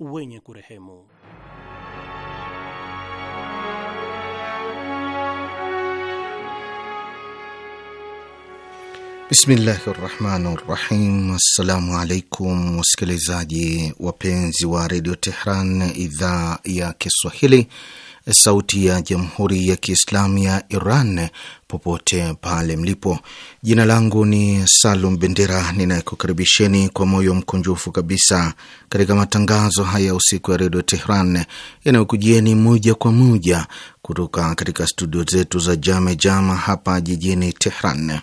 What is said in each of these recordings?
wenye kurehemu. Bismillahi rahmani rahim. Assalamu alaikum wasikilizaji wapenzi wa redio Tehran idhaa ya Kiswahili sauti ya jamhuri ya kiislamu ya Iran popote pale mlipo. Jina langu ni Salum Bendera, ninayekukaribisheni kwa moyo mkunjufu kabisa katika matangazo haya usiku ya redio Tehran yanayokujieni moja kwa moja kutoka katika studio zetu za Jame Jama hapa jijini Tehran.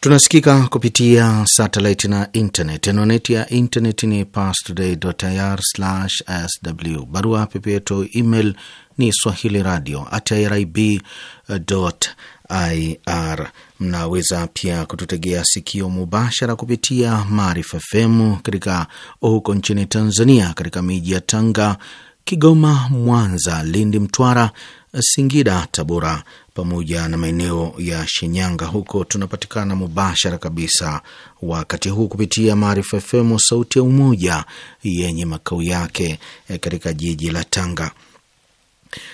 Tunasikika kupitia satellite na internet. Anwani ya internet ni pastoday.ir/sw, barua pepe yetu email ni swahili radio at irib ir. Mnaweza pia kututegea sikio mubashara kupitia Maarifa FM katika huko nchini Tanzania, katika miji ya Tanga, Kigoma, Mwanza, Lindi, Mtwara, Singida, Tabora pamoja na maeneo ya Shinyanga. Huko tunapatikana mubashara kabisa wakati huu kupitia Maarifa FM, sauti ya Umoja, yenye makao yake katika jiji la Tanga.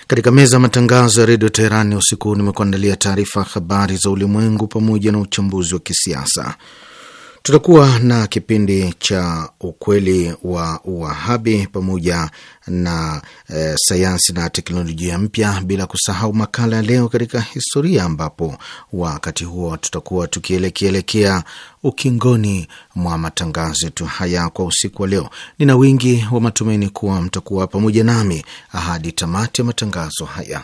Katika meza ya matangazo ya redio Teherani usiku huu nimekuandalia taarifa habari za ulimwengu pamoja na uchambuzi wa kisiasa. Tutakuwa na kipindi cha ukweli wa Uwahabi pamoja na e, sayansi na teknolojia mpya, bila kusahau makala ya leo katika historia, ambapo wakati huo tutakuwa tukielekeelekea ukingoni mwa matangazo yetu haya kwa usiku wa leo. Nina wingi wa matumaini kuwa mtakuwa pamoja nami hadi tamati ya matangazo haya.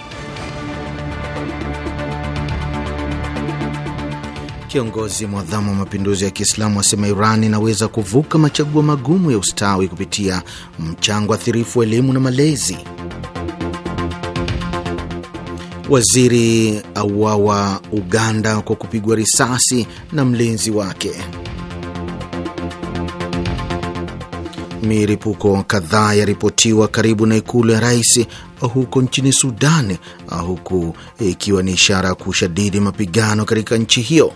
Kiongozi mwadhamu wa mapinduzi ya Kiislamu asema Iran inaweza kuvuka machaguo magumu ya ustawi kupitia mchango athirifu wa elimu na malezi. Waziri auawa Uganda kwa kupigwa risasi na mlinzi wake. Miripuko kadhaa yaripotiwa karibu na ikulu ya rais huko nchini Sudan, huku ikiwa ni ishara ya kushadidi mapigano katika nchi hiyo.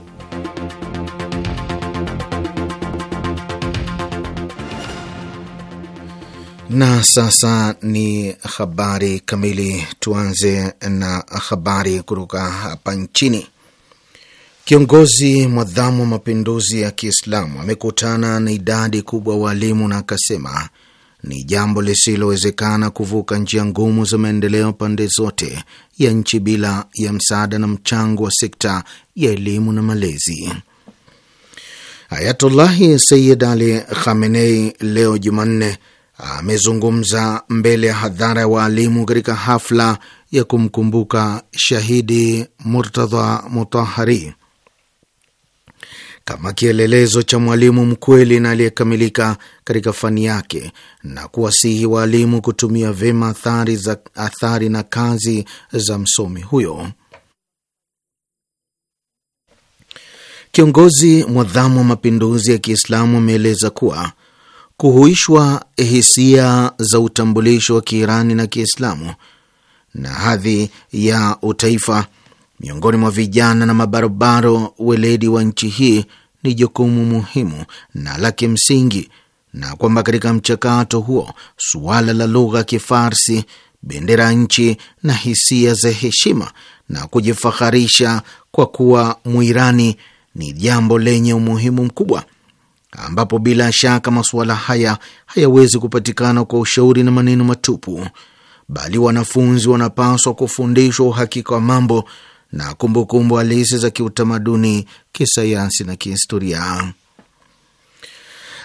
Na sasa ni habari kamili. Tuanze na habari kutoka hapa nchini. Kiongozi mwadhamu wa mapinduzi ya Kiislamu amekutana na idadi kubwa waalimu na akasema ni jambo lisilowezekana kuvuka njia ngumu za maendeleo pande zote ya nchi bila ya msaada na mchango wa sekta ya elimu na malezi. Ayatullahi Sayyid Ali Khamenei leo Jumanne amezungumza mbele ya hadhara ya waalimu katika hafla ya kumkumbuka shahidi Murtadha Mutahari kama kielelezo cha mwalimu mkweli na aliyekamilika katika fani yake na kuwasihi waalimu kutumia vyema athari, za, athari na kazi za msomi huyo. Kiongozi mwadhamu wa mapinduzi ya Kiislamu ameeleza kuwa kuhuishwa hisia za utambulisho wa Kiirani na Kiislamu na hadhi ya utaifa miongoni mwa vijana na mabarobaro weledi wa nchi hii ni jukumu muhimu na la kimsingi, na kwamba katika mchakato huo suala la lugha ya Kifarsi, bendera ya nchi na hisia za heshima na kujifaharisha kwa kuwa Mwirani ni jambo lenye umuhimu mkubwa ambapo bila shaka masuala haya hayawezi kupatikana kwa ushauri na maneno matupu, bali wanafunzi wanapaswa kufundishwa uhakika wa mambo na kumbukumbu halisi za kiutamaduni, kisayansi na kihistoria.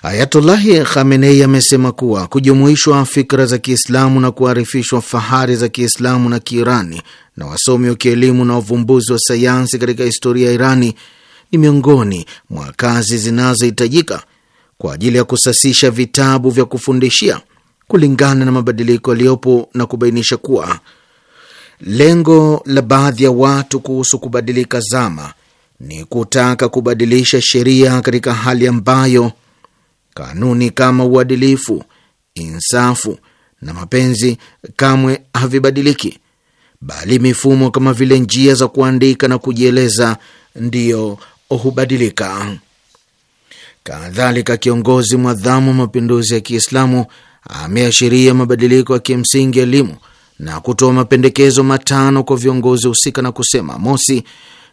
Ayatullahi Khamenei amesema kuwa kujumuishwa fikra za Kiislamu na kuharifishwa fahari za Kiislamu na Kiirani na wasomi wa kielimu na wavumbuzi wa sayansi katika historia ya Irani ni miongoni mwa kazi zinazohitajika kwa ajili ya kusasisha vitabu vya kufundishia kulingana na mabadiliko yaliyopo na kubainisha kuwa lengo la baadhi ya watu kuhusu kubadilika zama ni kutaka kubadilisha sheria katika hali ambayo kanuni kama uadilifu, insafu na mapenzi kamwe havibadiliki, bali mifumo kama vile njia za kuandika na kujieleza ndiyo hubadilika. Kadhalika, kiongozi mwadhamu wa mapinduzi ya Kiislamu ameashiria mabadiliko ya kimsingi ya elimu na kutoa mapendekezo matano kwa viongozi husika na kusema, mosi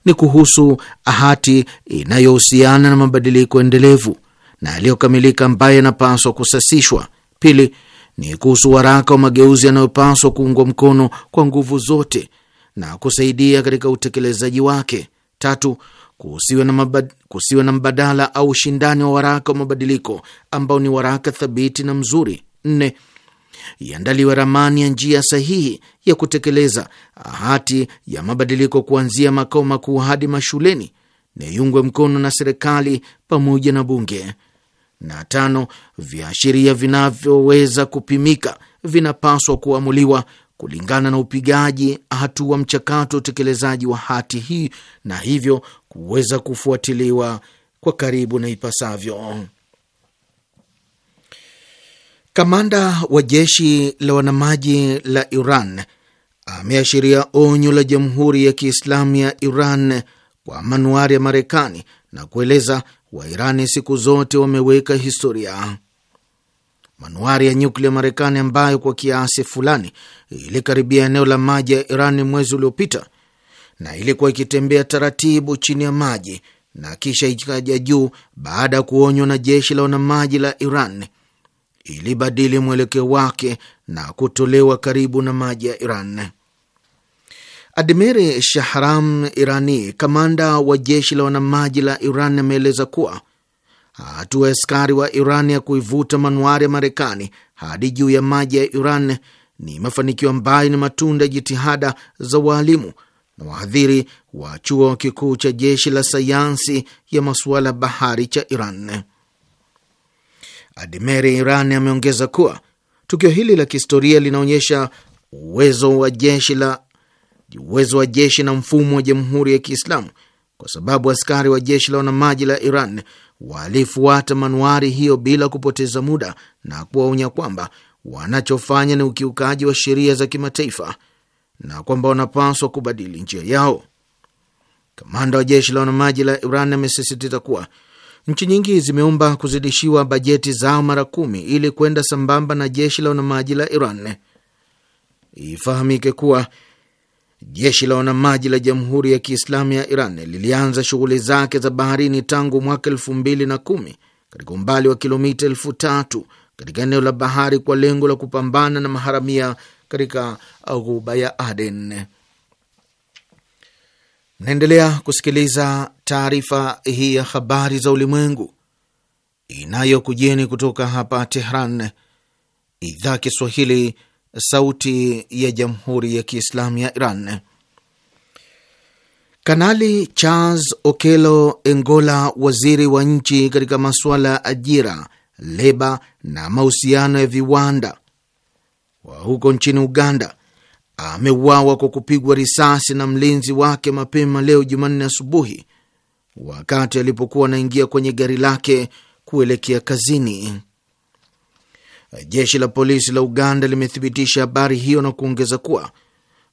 ni kuhusu hati inayohusiana na mabadiliko endelevu na yaliyokamilika ambayo yanapaswa kusasishwa. Pili ni kuhusu waraka wa mageuzi yanayopaswa kuungwa mkono kwa nguvu zote na kusaidia katika utekelezaji wake. Tatu, kusiwe na, mabad, kusiwe na mbadala au ushindani wa waraka wa mabadiliko ambao ni waraka thabiti na mzuri. Nne, iandaliwe ramani ya njia sahihi ya kutekeleza hati ya mabadiliko kuanzia makao makuu hadi mashuleni na iungwe mkono na serikali pamoja na bunge. Na tano, viashiria vinavyoweza kupimika vinapaswa kuamuliwa kulingana na upigaji hatua mchakato wa utekelezaji wa hati hii, na hivyo huweza kufuatiliwa kwa karibu na ipasavyo. Kamanda wa jeshi la wanamaji la Iran ameashiria onyo la Jamhuri ya Kiislamu ya Iran kwa manuari ya Marekani na kueleza Wairani siku zote wameweka historia. Manuari ya nyuklia Marekani ambayo kwa kiasi fulani ilikaribia eneo la maji ya Iran mwezi uliopita na ilikuwa ikitembea taratibu chini ya maji na kisha ikaja juu baada ya kuonywa na jeshi la wanamaji la Iran. Ilibadili mwelekeo wake na kutolewa karibu na maji ya Iran. Admiri Shahram Irani, kamanda wa jeshi la wanamaji la Iran, ameeleza kuwa hatua ya askari wa Iran ya kuivuta manuari ya Marekani hadi juu ya maji ya Iran ni mafanikio ambayo ni matunda ya jitihada za waalimu na wahadhiri wa chuo kikuu cha jeshi la sayansi ya masuala bahari cha Iran. Admeri Iran ameongeza kuwa tukio hili la kihistoria linaonyesha uwezo wa jeshi la uwezo wa jeshi na mfumo wa Jamhuri ya Kiislamu, kwa sababu askari wa jeshi la wanamaji la Iran walifuata manuari hiyo bila kupoteza muda na kuwaonya kwamba wanachofanya ni ukiukaji wa sheria za kimataifa na kwamba wanapaswa kubadili njia yao. Kamanda wa jeshi la wanamaji la Iran amesisitiza kuwa nchi nyingi zimeomba kuzidishiwa bajeti zao mara kumi ili kwenda sambamba na jeshi la wanamaji la Iran. Ifahamike kuwa jeshi la wanamaji la Jamhuri ya Kiislamu ya Iran lilianza shughuli zake za baharini tangu mwaka elfu mbili na kumi katika umbali wa kilomita elfu tatu katika eneo la bahari kwa lengo la kupambana na maharamia katika ghuba ya Aden. Mnaendelea kusikiliza taarifa hii ya habari za ulimwengu inayokujeni kutoka hapa Tehran, idhaa Kiswahili, sauti ya jamhuri ya kiislamu ya Iran. Kanali Charles Okelo Engola, waziri wa nchi katika masuala ya ajira, leba na mahusiano ya viwanda wa huko nchini Uganda ameuawa kwa kupigwa risasi na mlinzi wake mapema leo Jumanne asubuhi wakati alipokuwa anaingia kwenye gari lake kuelekea kazini. Jeshi la polisi la Uganda limethibitisha habari hiyo na kuongeza kuwa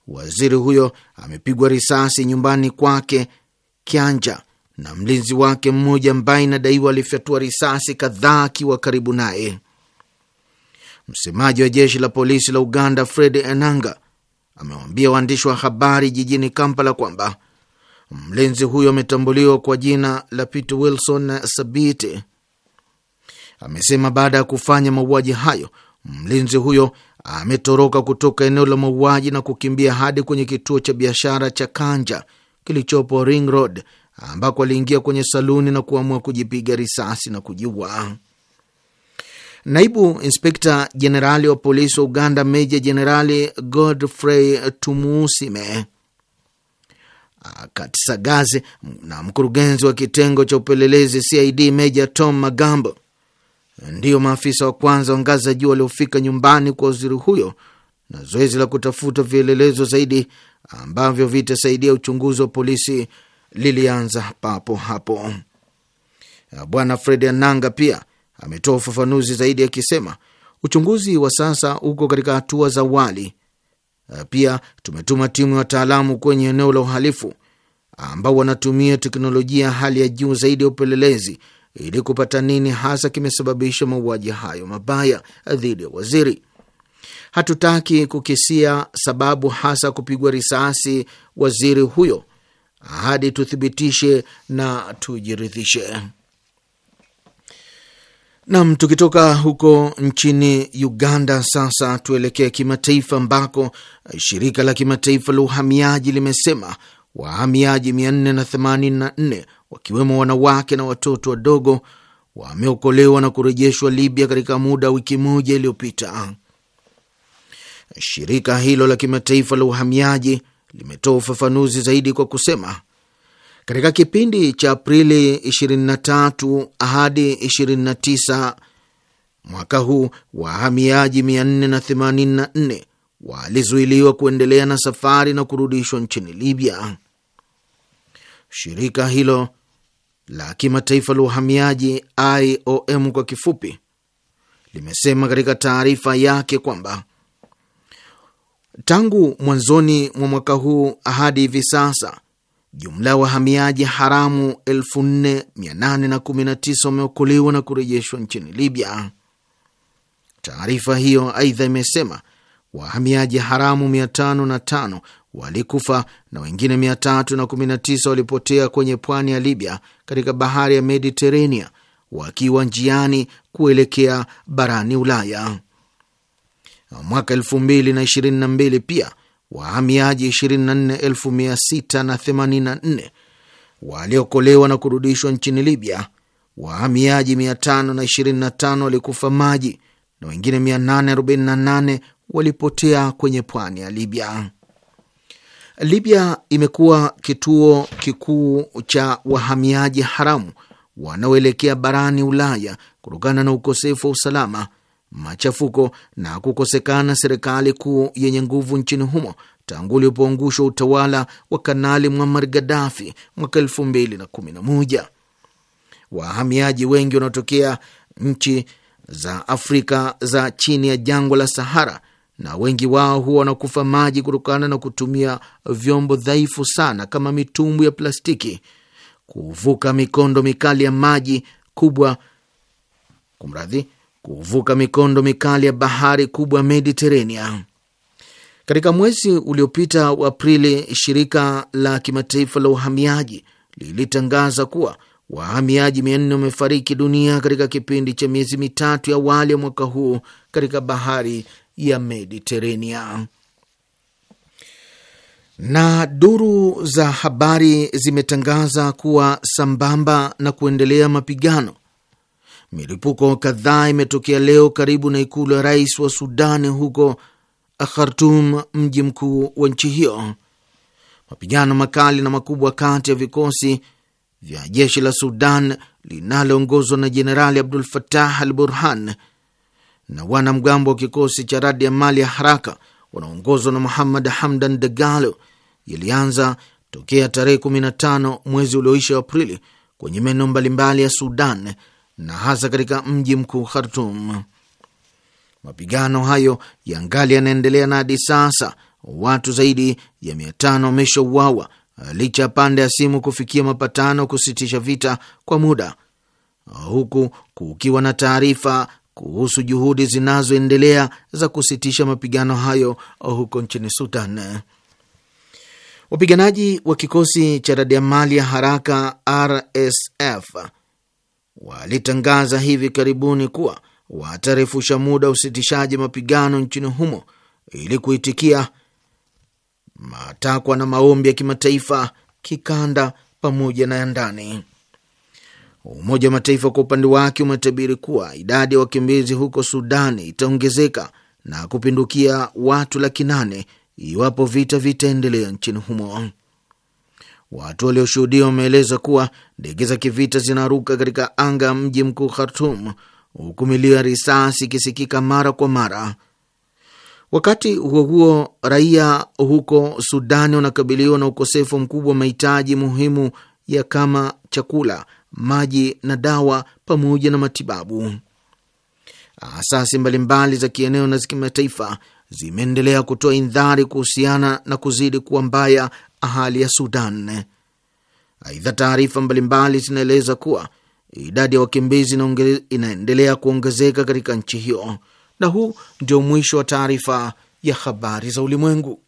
waziri huyo amepigwa risasi nyumbani kwake Kianja na mlinzi wake mmoja ambaye inadaiwa alifyatua risasi kadhaa akiwa karibu naye. Msemaji wa jeshi la polisi la Uganda, Fred Enanga, amewaambia waandishi wa habari jijini Kampala kwamba mlinzi huyo ametambuliwa kwa jina la Peter Wilson Sabiti. Amesema baada ya kufanya mauaji hayo, mlinzi huyo ametoroka kutoka eneo la mauaji na kukimbia hadi kwenye kituo cha biashara cha Kanja kilichopo Ring Road ambako aliingia kwenye saluni na kuamua kujipiga risasi na kujiua. Naibu inspekta jenerali wa polisi wa Uganda, meja jenerali Godfrey Tumuusime katisagazi na mkurugenzi wa kitengo cha upelelezi CID meja Tom Magambo ndiyo maafisa wa kwanza wa ngazi za juu waliofika nyumbani kwa waziri huyo, na zoezi la kutafuta vielelezo zaidi ambavyo vitasaidia uchunguzi wa polisi lilianza papo hapo. Bwana Fred Ananga pia ametoa ufafanuzi zaidi akisema uchunguzi wa sasa uko katika hatua za awali. Eh, pia tumetuma timu ya wataalamu kwenye eneo la uhalifu ambao wanatumia teknolojia hali ya juu zaidi ya upelelezi ili kupata nini hasa kimesababisha mauaji hayo mabaya dhidi ya waziri. Hatutaki kukisia sababu hasa kupigwa risasi waziri huyo hadi tuthibitishe na tujiridhishe. Nam, tukitoka huko nchini Uganda sasa tuelekee kimataifa, ambako eh, shirika la kimataifa la uhamiaji limesema wahamiaji 484 wakiwemo wanawake na watoto wadogo wameokolewa na kurejeshwa Libya katika muda wa wiki moja iliyopita. Shirika hilo la kimataifa la uhamiaji limetoa ufafanuzi zaidi kwa kusema katika kipindi cha Aprili 23 hadi 29 mwaka huu, wahamiaji 484 walizuiliwa kuendelea na safari na kurudishwa nchini Libya. Shirika hilo la kimataifa la uhamiaji IOM kwa kifupi limesema katika taarifa yake kwamba tangu mwanzoni mwa mwaka huu hadi hivi sasa Jumla ya wahamiaji haramu 4819 wameokolewa na kurejeshwa nchini Libya. Taarifa hiyo aidha imesema wahamiaji haramu 505 walikufa na wengine 319 walipotea kwenye pwani ya Libya katika bahari ya Mediterania wakiwa njiani kuelekea barani Ulaya. Mwaka 2022 pia wahamiaji 24684 waliokolewa na kurudishwa nchini Libya, wahamiaji 525 walikufa maji na wengine 848 walipotea kwenye pwani ya Libya. Libya imekuwa kituo kikuu cha wahamiaji haramu wanaoelekea barani Ulaya kutokana na ukosefu wa usalama machafuko na kukosekana serikali kuu yenye nguvu nchini humo tangu ulipoangushwa utawala wa Kanali Muammar Gaddafi mwaka elfu mbili na kumi na moja. Wahamiaji wengi wanaotokea nchi za Afrika za chini ya jangwa la Sahara na wengi wao huwa wanakufa maji kutokana na kutumia vyombo dhaifu sana kama mitumbu ya plastiki, kuvuka mikondo mikali ya maji kubwa, kumradhi kuvuka mikondo mikali ya bahari kubwa Mediterania. Katika mwezi uliopita wa Aprili, shirika la kimataifa la uhamiaji lilitangaza kuwa wahamiaji mia nne wamefariki dunia katika kipindi cha miezi mitatu ya awali ya mwaka huu katika bahari ya Mediterania. Na duru za habari zimetangaza kuwa sambamba na kuendelea mapigano Milipuko kadhaa imetokea leo karibu na ikulu ya rais wa Sudani huko Khartum, mji mkuu wa nchi hiyo. Mapigano makali na makubwa kati ya vikosi vya jeshi la Sudan linaloongozwa na Jenerali Abdul fatah al Burhan na wanamgambo wa kikosi cha radi ya mali ya haraka wanaongozwa na Muhammad Hamdan Dagalo yalianza tokea tarehe 15 mwezi ulioisha Aprili kwenye maeneo mbalimbali ya Sudan na hasa katika mji mkuu Khartum. Mapigano hayo yangali yanaendelea na hadi sasa watu zaidi ya mia tano wameshauawa licha ya pande ya simu kufikia mapatano kusitisha vita kwa muda, huku kukiwa na taarifa kuhusu juhudi zinazoendelea za kusitisha mapigano hayo huko nchini Sudan. Wapiganaji wa kikosi cha radiamali ya haraka RSF walitangaza hivi karibuni kuwa watarefusha muda usitishaji mapigano nchini humo ili kuitikia matakwa na maombi ya kimataifa, kikanda pamoja na ya ndani. Umoja wa Mataifa kwa upande wake umetabiri kuwa idadi ya wakimbizi huko Sudani itaongezeka na kupindukia watu laki nane iwapo vita vitaendelea nchini humo. Watu walioshuhudia wameeleza kuwa ndege za kivita zinaruka katika anga ya mji mkuu Khartum, huku milio ya risasi ikisikika mara kwa mara. Wakati huo huo, raia huko Sudani wanakabiliwa na ukosefu mkubwa wa mahitaji muhimu ya kama chakula, maji na dawa pamoja na matibabu. Asasi mbalimbali za kieneo na za kimataifa zimeendelea kutoa indhari kuhusiana na kuzidi kuwa mbaya hali ya Sudan. Aidha, taarifa mbalimbali zinaeleza kuwa idadi ya wakimbizi inaendelea kuongezeka katika nchi hiyo. Na huu ndio mwisho wa taarifa ya habari za ulimwengu.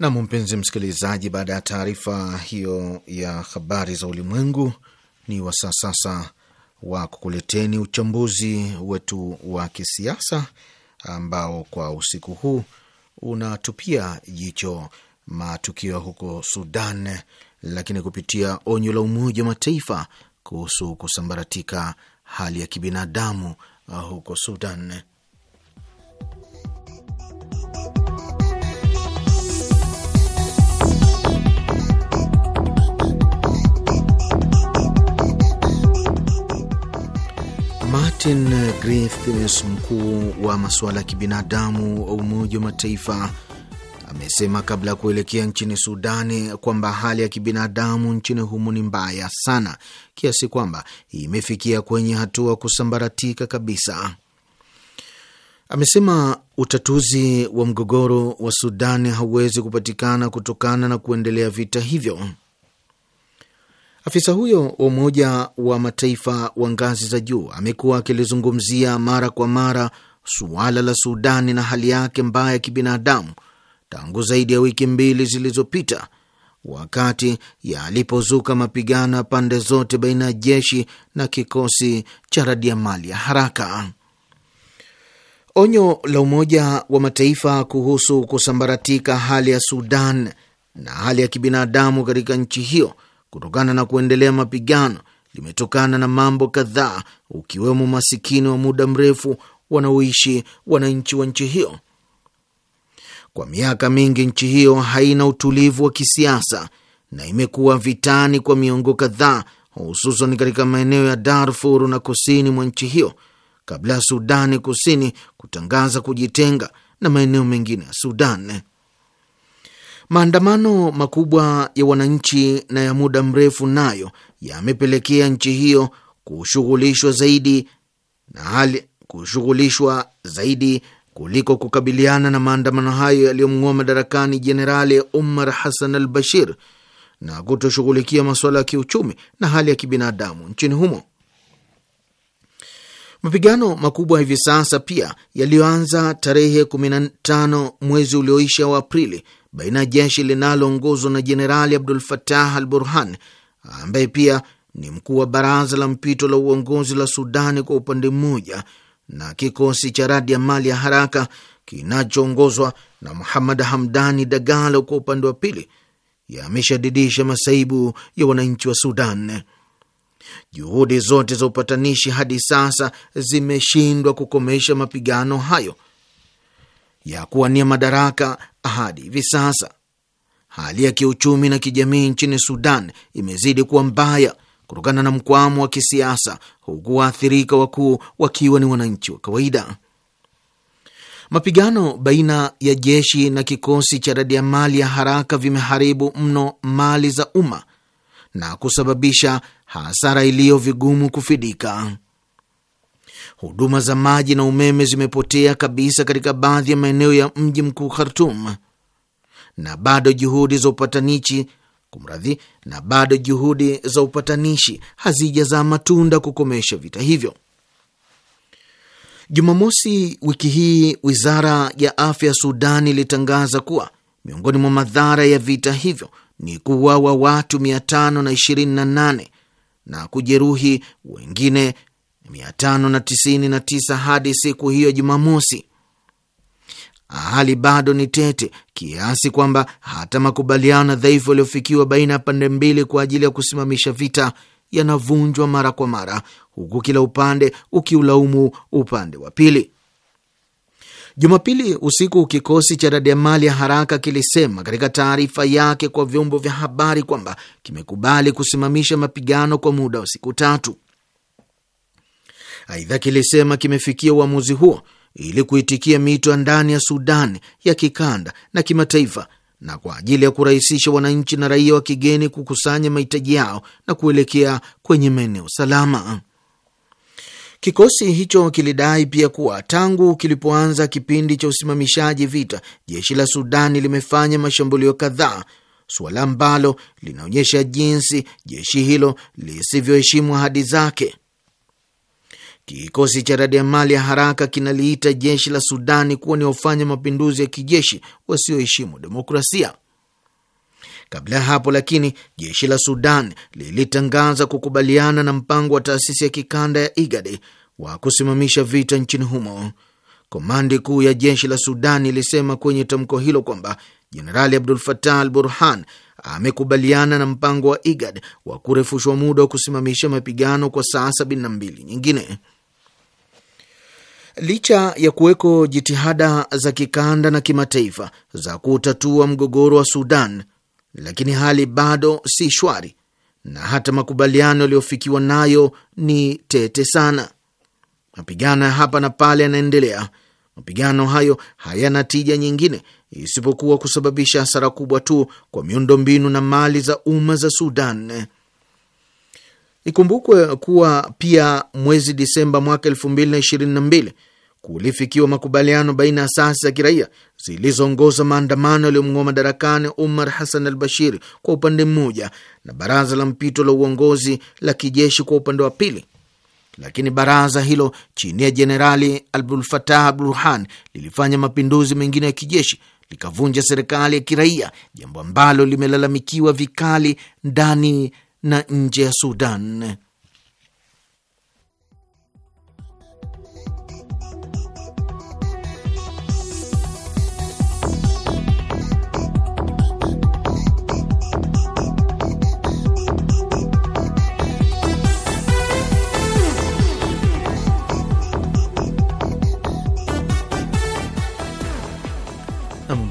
Nam, mpenzi msikilizaji, baada ya taarifa hiyo ya habari za ulimwengu ni wasaa sasa wa kukuleteni uchambuzi wetu wa kisiasa ambao kwa usiku huu unatupia jicho matukio ya huko Sudan, lakini kupitia onyo la Umoja wa Mataifa kuhusu kusambaratika hali ya kibinadamu huko Sudan. Martin Griffiths, mkuu wa masuala ya kibinadamu wa Umoja wa Mataifa, amesema kabla ya kuelekea nchini Sudani kwamba hali ya kibinadamu nchini humo ni mbaya sana kiasi kwamba imefikia kwenye hatua kusambaratika kabisa. Amesema utatuzi wa mgogoro wa Sudani hauwezi kupatikana kutokana na kuendelea vita hivyo. Afisa huyo wa Umoja wa Mataifa wa ngazi za juu amekuwa akilizungumzia mara kwa mara suala la Sudani na hali yake mbaya ya kibinadamu tangu zaidi ya wiki mbili zilizopita, wakati yalipozuka mapigano ya pande zote baina ya jeshi na kikosi cha radiamali ya haraka. Onyo la Umoja wa Mataifa kuhusu kusambaratika hali ya Sudan na hali ya kibinadamu katika nchi hiyo kutokana na kuendelea mapigano limetokana na mambo kadhaa, ukiwemo masikini wa muda mrefu wanaoishi wananchi wa nchi hiyo. Kwa miaka mingi, nchi hiyo haina utulivu wa kisiasa na imekuwa vitani kwa miongo kadhaa, hususan katika maeneo ya Darfur na kusini mwa nchi hiyo, kabla ya Sudani Kusini kutangaza kujitenga na maeneo mengine ya Sudan. Maandamano makubwa ya wananchi na ya muda mrefu nayo yamepelekea nchi hiyo kushughulishwa zaidi na hali kushughulishwa zaidi kuliko kukabiliana na maandamano hayo yaliyomng'oa madarakani Jenerali Umar Hassan al Bashir na kutoshughulikia masuala ya kiuchumi na hali ya kibinadamu nchini humo. Mapigano makubwa hivi sasa pia yaliyoanza tarehe 15 mwezi ulioisha wa Aprili baina ya jeshi linaloongozwa na Jenerali Abdul Fatah al Burhan ambaye pia ni mkuu wa baraza la mpito la uongozi la Sudani kwa upande mmoja na kikosi cha radi ya mali ya haraka kinachoongozwa na Muhammad Hamdani Dagalo kwa upande wa pili yameshadidisha masaibu ya wananchi wa Sudan. Juhudi zote za upatanishi hadi sasa zimeshindwa kukomesha mapigano hayo ya kuwania madaraka hadi hivi sasa. Hali ya kiuchumi na kijamii nchini Sudan imezidi kuwa mbaya kutokana na mkwamo wa kisiasa, huku waathirika wakuu wakiwa ni wananchi wa kawaida. Mapigano baina ya jeshi na kikosi cha radi ya mali ya haraka vimeharibu mno mali za umma na kusababisha hasara iliyo vigumu kufidika huduma za maji na umeme zimepotea kabisa katika baadhi ya maeneo ya mji mkuu Khartum, na bado juhudi za upatanishi kumradhi, na bado juhudi za upatanishi hazijazaa matunda kukomesha vita hivyo. Jumamosi wiki hii wizara ya afya ya Sudan ilitangaza kuwa miongoni mwa madhara ya vita hivyo ni kuuawa watu 528 na kujeruhi wengine 599 hadi siku hiyo Jumamosi. Hali bado ni tete kiasi kwamba hata makubaliano dhaifu yaliyofikiwa baina ya pande mbili kwa ajili ya kusimamisha vita yanavunjwa mara kwa mara, huku kila upande ukiulaumu upande wa pili. Jumapili usiku kikosi cha radiamali ya haraka kilisema katika taarifa yake kwa vyombo vya habari kwamba kimekubali kusimamisha mapigano kwa muda wa siku tatu. Aidha, kilisema kimefikia uamuzi huo ili kuitikia mito ya ndani ya Sudan ya kikanda na kimataifa na kwa ajili ya kurahisisha wananchi na raia wa kigeni kukusanya mahitaji yao na kuelekea kwenye maeneo salama. Kikosi hicho kilidai pia kuwa tangu kilipoanza kipindi cha usimamishaji vita, jeshi la Sudani limefanya mashambulio kadhaa, suala ambalo linaonyesha jinsi jeshi hilo lisivyoheshimu ahadi zake. Kikosi cha radi ya mali ya haraka kinaliita jeshi la Sudani kuwa ni wafanya mapinduzi ya kijeshi wasioheshimu demokrasia. Kabla ya hapo lakini, jeshi la Sudan lilitangaza kukubaliana na mpango wa taasisi ya kikanda ya IGAD wa kusimamisha vita nchini humo. Komandi kuu ya jeshi la Sudan ilisema kwenye tamko hilo kwamba Jenerali Abdul Fatah al Burhan amekubaliana na mpango wa IGAD wa kurefushwa muda wa kusimamisha mapigano kwa saa 72 nyingine. Licha ya kuweko jitihada za kikanda na kimataifa za kutatua mgogoro wa Sudan, lakini hali bado si shwari na hata makubaliano yaliyofikiwa nayo ni tete sana. Mapigano ya hapa na pale yanaendelea. Mapigano hayo hayana tija nyingine isipokuwa kusababisha hasara kubwa tu kwa miundombinu na mali za umma za Sudan. Ikumbukwe kuwa pia mwezi Disemba mwaka elfu mbili na ishirini na mbili kulifikiwa makubaliano baina ya asasi za kiraia zilizoongoza maandamano yaliyomng'oa madarakani Umar Hassan al Bashir kwa upande mmoja na baraza la mpito la uongozi la kijeshi kwa upande wa pili, lakini baraza hilo chini ya Jenerali Abdulfatah Fatah Burhan lilifanya mapinduzi mengine ya kijeshi likavunja serikali ya kiraia, jambo ambalo limelalamikiwa vikali ndani na nje ya Sudan.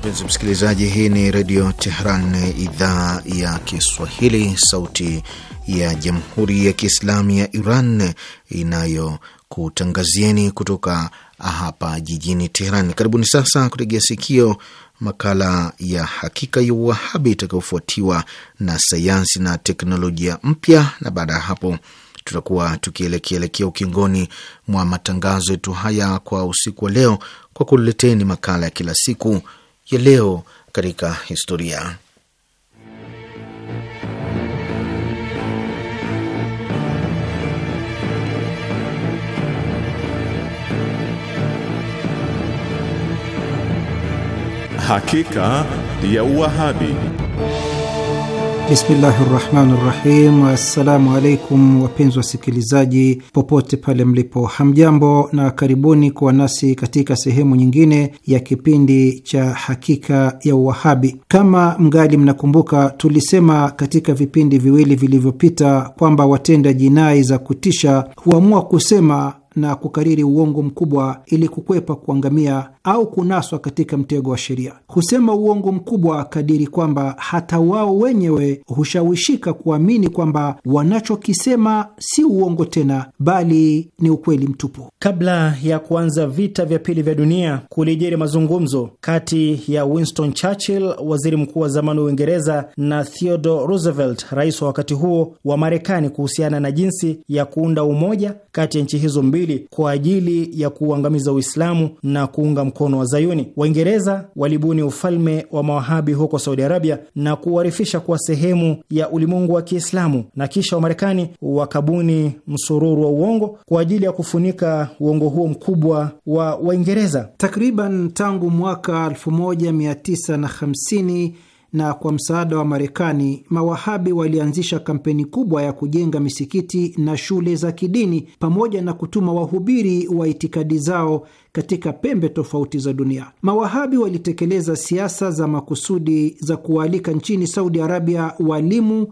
Mpenzi msikilizaji, hii ni Redio Tehran, idhaa ya Kiswahili, sauti ya Jamhuri ya Kiislamu ya Iran inayokutangazieni kutoka hapa jijini Tehran. Karibuni sasa kutegea sikio makala ya Hakika ya Uwahabi itakayofuatiwa na sayansi na teknolojia mpya, na baada ya hapo tutakuwa tukielekeelekea ukingoni mwa matangazo yetu haya kwa usiku wa leo kwa kuleteni makala ya kila siku ya leo katika historia. Hakika ya Uwahabi. Bismillahi rahmani rahim. Assalamu alaikum wapenzi wasikilizaji popote pale mlipo, hamjambo na karibuni kuwa nasi katika sehemu nyingine ya kipindi cha Hakika ya Uwahabi. Kama mgali mnakumbuka, tulisema katika vipindi viwili vilivyopita kwamba watenda jinai za kutisha huamua kusema na kukariri uongo mkubwa ili kukwepa kuangamia au kunaswa katika mtego wa sheria. Husema uongo mkubwa kadiri kwamba hata wao wenyewe hushawishika kuamini kwamba wanachokisema si uongo tena, bali ni ukweli mtupu. Kabla ya kuanza vita vya pili vya dunia, kulijiri mazungumzo kati ya Winston Churchill, waziri mkuu wa zamani wa Uingereza, na Theodore Roosevelt, rais wa wakati huo wa Marekani, kuhusiana na jinsi ya kuunda umoja kati ya nchi hizo mbili kwa ajili ya kuuangamiza Uislamu na kuunga mkono wa Zayuni. Waingereza walibuni ufalme wa mawahabi huko Saudi Arabia na kuwarifisha kuwa sehemu ya ulimwengu wa Kiislamu, na kisha Wamarekani wakabuni msururu wa uongo kwa ajili ya kufunika uongo huo mkubwa wa Waingereza. Takriban tangu mwaka 1950 na kwa msaada wa Marekani, mawahabi walianzisha kampeni kubwa ya kujenga misikiti na shule za kidini pamoja na kutuma wahubiri wa itikadi zao katika pembe tofauti za dunia. Mawahabi walitekeleza siasa za makusudi za kuwaalika nchini Saudi Arabia walimu,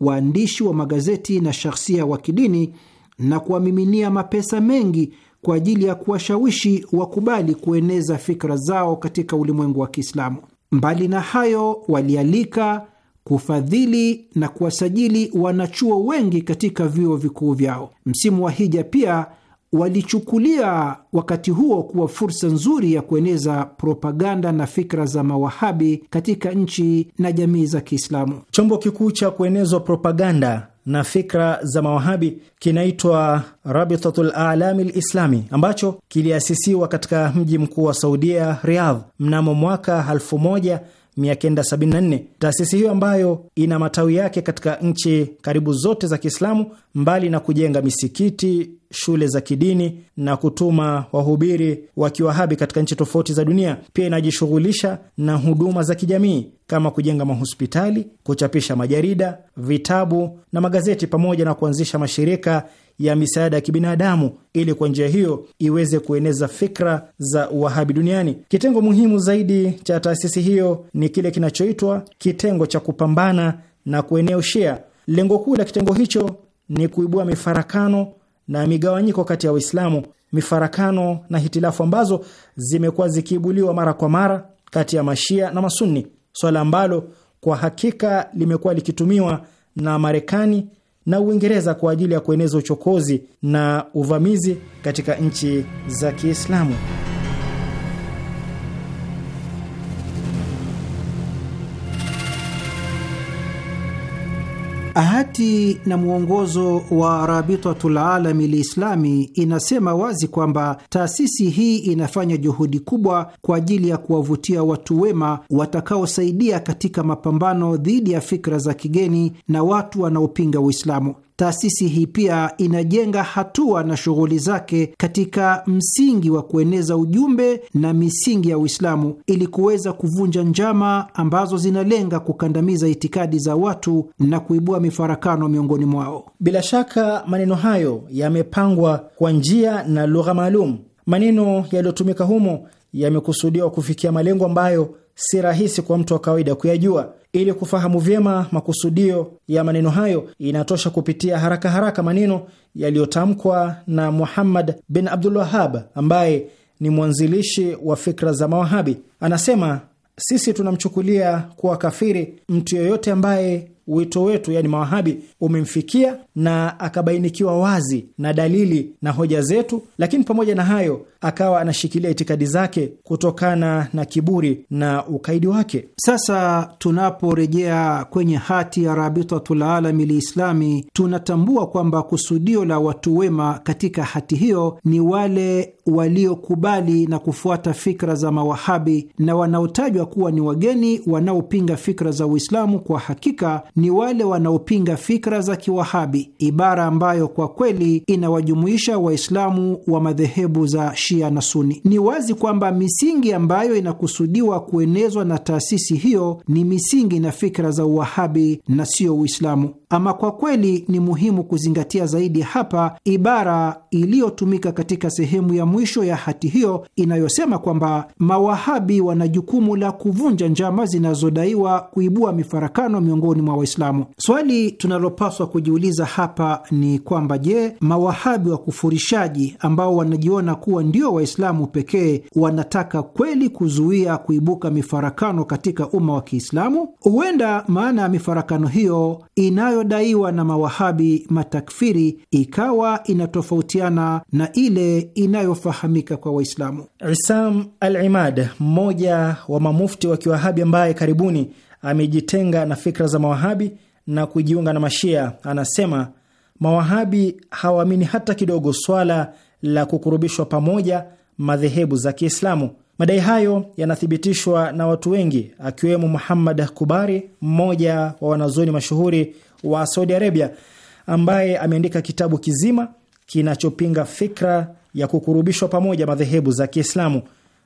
waandishi wa magazeti na shahsia wa kidini na kuwamiminia mapesa mengi kwa ajili ya kuwashawishi wakubali kueneza fikra zao katika ulimwengu wa Kiislamu. Mbali na hayo, walialika kufadhili na kuwasajili wanachuo wengi katika vyuo vikuu vyao. Msimu wa hija pia walichukulia wakati huo kuwa fursa nzuri ya kueneza propaganda na fikra za mawahabi katika nchi na jamii za Kiislamu. Chombo kikuu cha kuenezwa propaganda na fikra za mawahabi kinaitwa Rabitatul Alami Lislami ambacho kiliasisiwa katika mji mkuu wa Saudia, Riyadh mnamo mwaka 1 974. Taasisi hiyo ambayo ina matawi yake katika nchi karibu zote za Kiislamu, mbali na kujenga misikiti, shule za kidini na kutuma wahubiri wa kiwahabi katika nchi tofauti za dunia, pia inajishughulisha na huduma za kijamii kama kujenga mahospitali, kuchapisha majarida, vitabu na magazeti, pamoja na kuanzisha mashirika ya misaada ya kibinadamu ili kwa njia hiyo iweze kueneza fikra za Wahabi duniani. Kitengo muhimu zaidi cha taasisi hiyo ni kile kinachoitwa kitengo cha kupambana na kuenea Ushia. Lengo kuu la kitengo hicho ni kuibua mifarakano na migawanyiko kati ya Waislamu, mifarakano na hitilafu ambazo zimekuwa zikiibuliwa mara kwa mara kati ya Mashia na Masunni, swala ambalo kwa hakika limekuwa likitumiwa na Marekani na Uingereza kwa ajili ya kueneza uchokozi na uvamizi katika nchi za Kiislamu. Ahati na mwongozo wa Rabitatul Alami Liislami inasema wazi kwamba taasisi hii inafanya juhudi kubwa kwa ajili ya kuwavutia watu wema watakaosaidia katika mapambano dhidi ya fikra za kigeni na watu wanaopinga Uislamu. Taasisi hii pia inajenga hatua na shughuli zake katika msingi wa kueneza ujumbe na misingi ya Uislamu ili kuweza kuvunja njama ambazo zinalenga kukandamiza itikadi za watu na kuibua mifarakano miongoni mwao. Bila shaka maneno hayo yamepangwa kwa njia na lugha maalum. Maneno yaliyotumika humo yamekusudiwa kufikia malengo ambayo si rahisi kwa mtu wa kawaida kuyajua. Ili kufahamu vyema makusudio ya maneno hayo, inatosha kupitia haraka haraka maneno yaliyotamkwa na Muhammad bin Abdul Wahab ambaye ni mwanzilishi wa fikra za Mawahabi. Anasema, sisi tunamchukulia kuwa kafiri mtu yoyote ambaye wito wetu, yani mawahabi, umemfikia na akabainikiwa wazi na dalili na hoja zetu, lakini pamoja na hayo akawa anashikilia itikadi zake kutokana na kiburi na ukaidi wake. Sasa tunaporejea kwenye hati ya Rabitatul Alami Liislami, tunatambua kwamba kusudio la watu wema katika hati hiyo ni wale waliokubali na kufuata fikra za mawahabi na wanaotajwa kuwa ni wageni wanaopinga fikra za Uislamu kwa hakika ni wale wanaopinga fikra za kiwahabi, ibara ambayo kwa kweli inawajumuisha Waislamu wa madhehebu za Shia na Suni. Ni wazi kwamba misingi ambayo inakusudiwa kuenezwa na taasisi hiyo ni misingi na fikra za Uwahabi na sio Uislamu. Ama kwa kweli ni muhimu kuzingatia zaidi hapa ibara iliyotumika katika sehemu ya mwisho ya hati hiyo inayosema kwamba mawahabi wana jukumu la kuvunja njama zinazodaiwa kuibua mifarakano miongoni mwa Waislamu. Swali tunalopaswa kujiuliza hapa ni kwamba je, mawahabi wa kufurishaji ambao wanajiona kuwa ndio Waislamu pekee wanataka kweli kuzuia kuibuka mifarakano katika umma wa Kiislamu? Huenda maana ya mifarakano hiyo ina inayodaiwa na mawahabi matakfiri ikawa inatofautiana na ile inayofahamika kwa Waislamu. Isam al-Imad, mmoja wa mamufti wa kiwahabi ambaye karibuni amejitenga na fikra za mawahabi na kujiunga na Mashia, anasema mawahabi hawaamini hata kidogo swala la kukurubishwa pamoja madhehebu za Kiislamu. Madai hayo yanathibitishwa na watu wengi akiwemo Muhammad Kubari, mmoja wa wanazuoni mashuhuri wa Saudi Arabia ambaye ameandika kitabu kizima kinachopinga fikra ya kukurubishwa pamoja madhehebu za Kiislamu.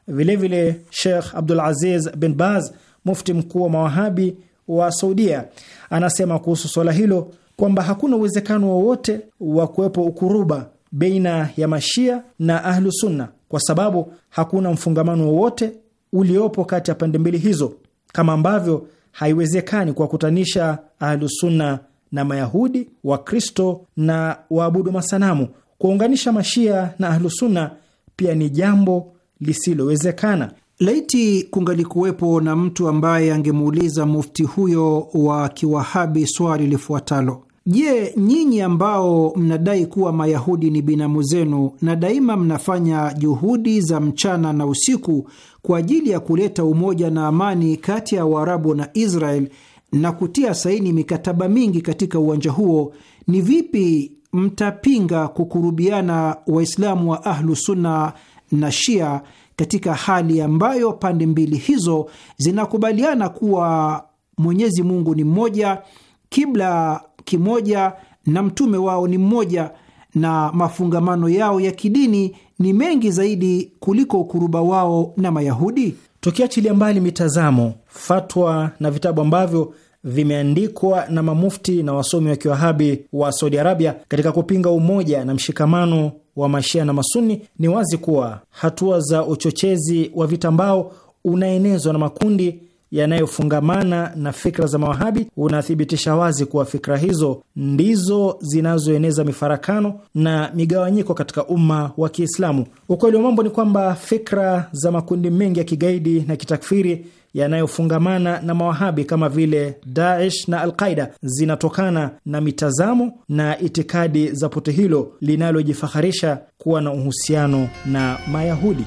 Vilevile, Sheikh Abdul Aziz bin Baz, mufti mkuu wa mawahabi wa Saudia, anasema kuhusu swala hilo kwamba hakuna uwezekano wowote wa, kuwepo ukuruba baina ya mashia na ahlu sunna kwa sababu hakuna mfungamano wowote uliopo kati ya pande mbili hizo, kama ambavyo haiwezekani kuwakutanisha ahlu sunna na Mayahudi, Wakristo na waabudu masanamu. Kuwaunganisha Mashia na Ahlusunna pia ni jambo lisilowezekana. Laiti kungalikuwepo na mtu ambaye angemuuliza mufti huyo wa kiwahabi swali lifuatalo: Je, nyinyi ambao mnadai kuwa Mayahudi ni binamu zenu na daima mnafanya juhudi za mchana na usiku kwa ajili ya kuleta umoja na amani kati ya Waarabu na Israel na kutia saini mikataba mingi katika uwanja huo, ni vipi mtapinga kukurubiana Waislamu wa Ahlu Sunna na Shia katika hali ambayo pande mbili hizo zinakubaliana kuwa Mwenyezi Mungu ni mmoja, kibla kimoja na mtume wao ni mmoja, na mafungamano yao ya kidini ni mengi zaidi kuliko ukuruba wao na Mayahudi? Tukiachilia mbali mitazamo, fatwa na vitabu ambavyo vimeandikwa na mamufti na wasomi wa kiwahabi wa Saudi Arabia katika kupinga umoja na mshikamano wa Mashia na Masuni, ni wazi kuwa hatua za uchochezi wa vita unaenezwa na makundi yanayofungamana na fikra za mawahabi unathibitisha wazi kuwa fikra hizo ndizo zinazoeneza mifarakano na migawanyiko katika umma wa Kiislamu. Ukweli wa mambo ni kwamba fikra za makundi mengi ya kigaidi na kitakfiri yanayofungamana na mawahabi kama vile Daesh na Alqaida zinatokana na mitazamo na itikadi za pote hilo linalojifaharisha kuwa na uhusiano na Mayahudi.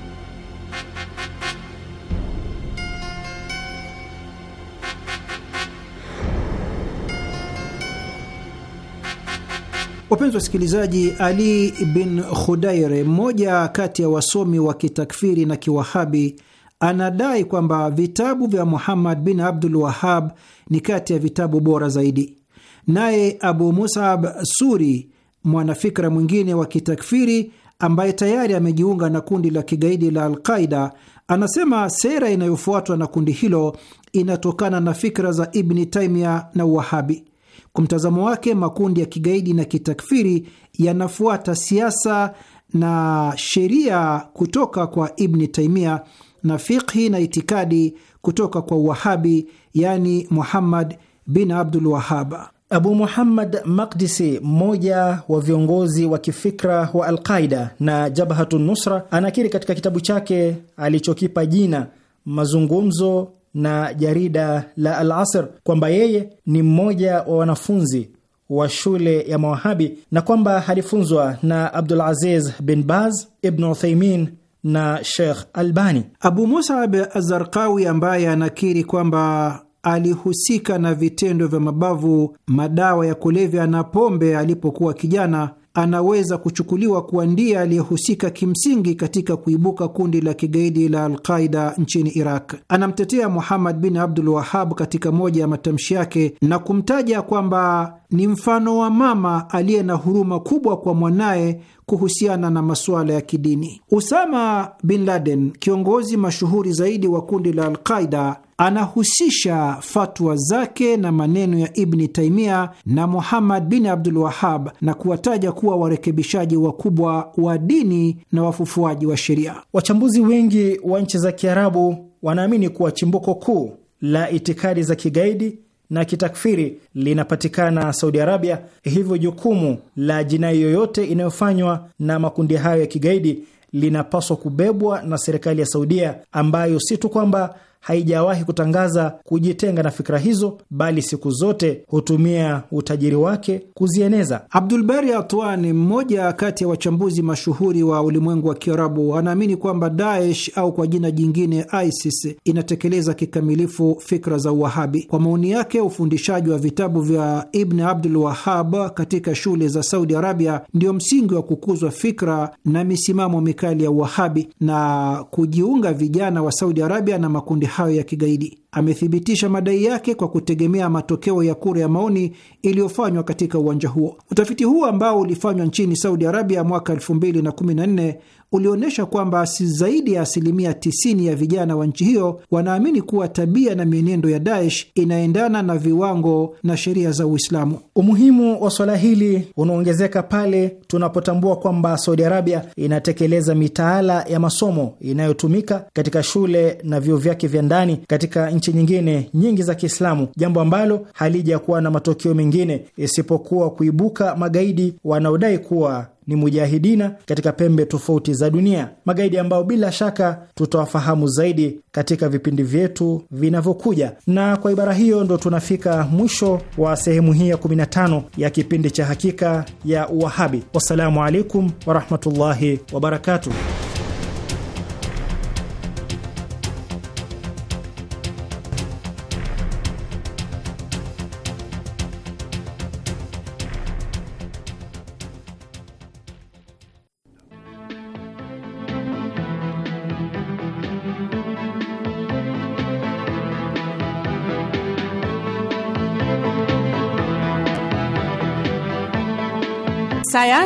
Wapenzi wasikilizaji, Ali bin Khudaire, mmoja kati ya wasomi wa kitakfiri na kiwahabi, anadai kwamba vitabu vya Muhammad bin Abdul Wahab ni kati ya vitabu bora zaidi. Naye Abu Musab Suri, mwanafikra mwingine wa kitakfiri ambaye tayari amejiunga na kundi la kigaidi la Alqaida, anasema sera inayofuatwa na kundi hilo inatokana na fikra za Ibni Taimia na Uwahabi. Kwa mtazamo wake, makundi ya kigaidi na kitakfiri yanafuata siasa na sheria kutoka kwa Ibni Taimia na fikhi na itikadi kutoka kwa Wahabi, yani Muhammad bin Abdul Wahaba. Abu Muhammad Makdisi, mmoja wa viongozi wa kifikra wa Alqaida na Jabhatu Nusra, anakiri katika kitabu chake alichokipa jina Mazungumzo na jarida la Al Asr kwamba yeye ni mmoja wa wanafunzi wa shule ya Mawahabi na kwamba alifunzwa na Abdul Aziz bin Baz, Ibn Uthaymin na Sheikh Albani. Abu Musab Azarqawi ambaye anakiri kwamba alihusika na vitendo vya mabavu, madawa ya kulevya na pombe alipokuwa kijana anaweza kuchukuliwa kuwa ndiye aliyehusika kimsingi katika kuibuka kundi la kigaidi la Alqaida nchini Iraq. Anamtetea Muhammad bin Abdul Wahab katika moja ya matamshi yake na kumtaja kwamba ni mfano wa mama aliye na huruma kubwa kwa mwanaye kuhusiana na masuala ya kidini. Usama bin Laden, kiongozi mashuhuri zaidi wa kundi la Alqaida, anahusisha fatwa zake na maneno ya Ibni Taimia na Muhammad bin Abdul Wahab na kuwataja kuwa warekebishaji wakubwa wa dini na wafufuaji wa sheria. Wachambuzi wengi wa nchi za Kiarabu wanaamini kuwa chimbuko kuu la itikadi za kigaidi na kitakfiri linapatikana Saudi Arabia. Hivyo jukumu la jinai yoyote inayofanywa na makundi hayo ya kigaidi linapaswa kubebwa na serikali ya Saudia ambayo si tu kwamba haijawahi kutangaza kujitenga na fikra hizo, bali siku zote hutumia utajiri wake kuzieneza. Abdulbari Atwani, mmoja kati ya wachambuzi mashuhuri wa ulimwengu wa Kiarabu, anaamini kwamba Daesh au kwa jina jingine ISIS inatekeleza kikamilifu fikra za Uwahabi. Kwa maoni yake, ufundishaji wa vitabu vya Ibn Abdul Wahab katika shule za Saudi Arabia ndio msingi wa kukuzwa fikra na misimamo mikali ya Uwahabi na kujiunga vijana wa Saudi Arabia na makundi hayo ya kigaidi. Amethibitisha madai yake kwa kutegemea matokeo ya kura ya maoni iliyofanywa katika uwanja huo. Utafiti huo ambao ulifanywa nchini Saudi Arabia mwaka 2014 ulionyesha kwamba si zaidi ya asilimia 90 ya vijana wa nchi hiyo wanaamini kuwa tabia na mienendo ya Daesh inaendana na viwango na sheria za Uislamu. Umuhimu wa swala hili unaongezeka pale tunapotambua kwamba Saudi Arabia inatekeleza mitaala ya masomo inayotumika katika shule na vyuo vyake vya ndani katika nchi nyingine nyingi za Kiislamu, jambo ambalo halijakuwa na matokeo mengine isipokuwa kuibuka magaidi wanaodai kuwa ni mujahidina katika pembe tofauti za dunia, magaidi ambao bila shaka tutawafahamu zaidi katika vipindi vyetu vinavyokuja. Na kwa ibara hiyo ndo tunafika mwisho wa sehemu hii ya 15 ya kipindi cha Hakika ya Uwahabi. Wassalamu alaikum warahmatullahi wabarakatuh.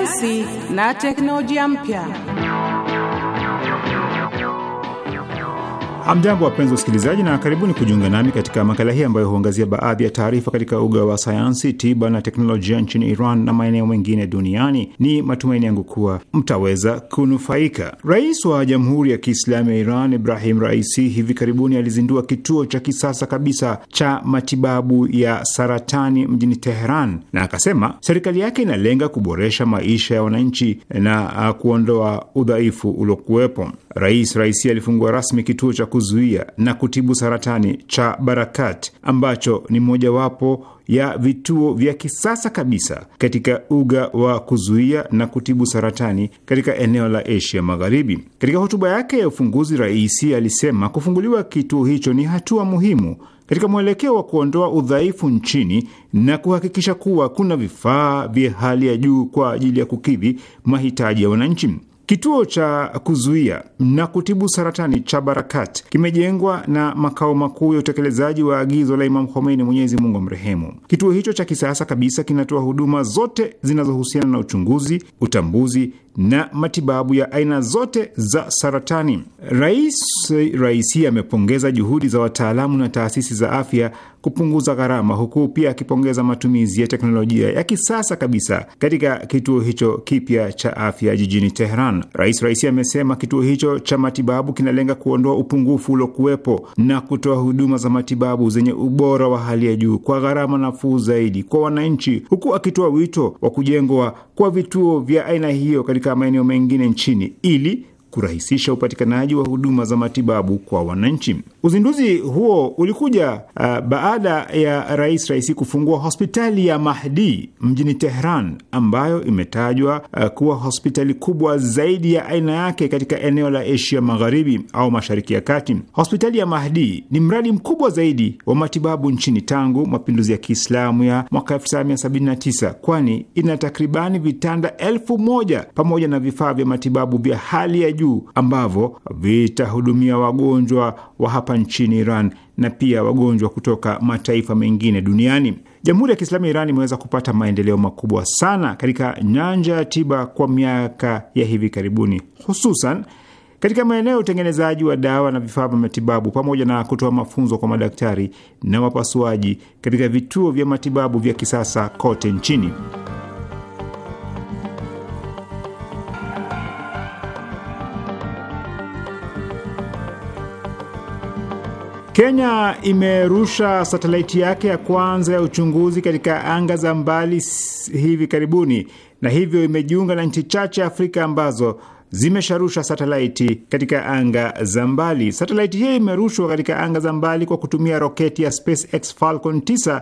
sayansi na teknolojia mpya. Amjambo, wapenzi usikilizaji na karibuni kujiunga nami katika makala hii ambayo huangazia baadhi ya taarifa katika uga wa sayansi, tiba na teknolojia nchini Iran na maeneo mengine duniani. Ni matumaini yangu kuwa mtaweza kunufaika. Rais wa Jamhuri ya Kiislamu ya Iran Ibrahim Raisi hivi karibuni alizindua kituo cha kisasa kabisa cha matibabu ya saratani mjini Teheran, na akasema serikali yake inalenga kuboresha maisha ya wananchi na uh, kuondoa udhaifu uliokuwepo. Rais Raisi alifungua rasmi kituo cha kuzuia na kutibu saratani cha Barakat ambacho ni mojawapo ya vituo vya kisasa kabisa katika uga wa kuzuia na kutibu saratani katika eneo la Asia Magharibi. Katika hotuba yake ya ufunguzi, rais alisema kufunguliwa kituo hicho ni hatua muhimu katika mwelekeo wa kuondoa udhaifu nchini na kuhakikisha kuwa kuna vifaa vya hali ya juu kwa ajili ya kukidhi mahitaji ya wananchi. Kituo cha kuzuia na kutibu saratani cha Barakat kimejengwa na makao makuu ya utekelezaji wa agizo la Imam Khomeini, Mwenyezi Mungu amrehemu. Kituo hicho cha kisasa kabisa kinatoa huduma zote zinazohusiana na uchunguzi, utambuzi na matibabu ya aina zote za saratani. Rais Raisi amepongeza juhudi za wataalamu na taasisi za afya kupunguza gharama, huku pia akipongeza matumizi ya teknolojia ya kisasa kabisa katika kituo hicho kipya cha afya jijini teheran Rais Raisi amesema kituo hicho cha matibabu kinalenga kuondoa upungufu uliokuwepo na kutoa huduma za matibabu zenye ubora wa hali ya juu kwa gharama nafuu zaidi kwa wananchi, huku akitoa wito wa kujengwa kwa vituo vya aina hiyo katika maeneo mengine nchini ili kurahisisha upatikanaji wa huduma za matibabu kwa wananchi. Uzinduzi huo ulikuja uh, baada ya Rais Raisi kufungua hospitali ya Mahdi mjini Tehran ambayo imetajwa uh, kuwa hospitali kubwa zaidi ya aina yake katika eneo la Asia Magharibi au Mashariki ya Kati. Hospitali ya Mahdi ni mradi mkubwa zaidi wa matibabu nchini tangu mapinduzi ya Kiislamu ya mwaka 1979 kwani ina takribani vitanda elfu moja pamoja na vifaa vya matibabu vya hali ya juu juu ambavyo vitahudumia wagonjwa wa hapa nchini Iran na pia wagonjwa kutoka mataifa mengine duniani. Jamhuri ya Kiislamu ya Iran imeweza kupata maendeleo makubwa sana katika nyanja ya tiba kwa miaka ya hivi karibuni, hususan katika maeneo ya utengenezaji wa dawa na vifaa vya matibabu pamoja na kutoa mafunzo kwa madaktari na wapasuaji katika vituo vya matibabu vya kisasa kote nchini. Kenya imerusha satelaiti yake ya kwanza ya uchunguzi katika anga za mbali hivi karibuni, na hivyo imejiunga na nchi chache Afrika ambazo zimesharusha satelaiti katika anga za mbali. Satelaiti hiyo imerushwa katika anga za mbali kwa kutumia roketi ya SpaceX Falcon 9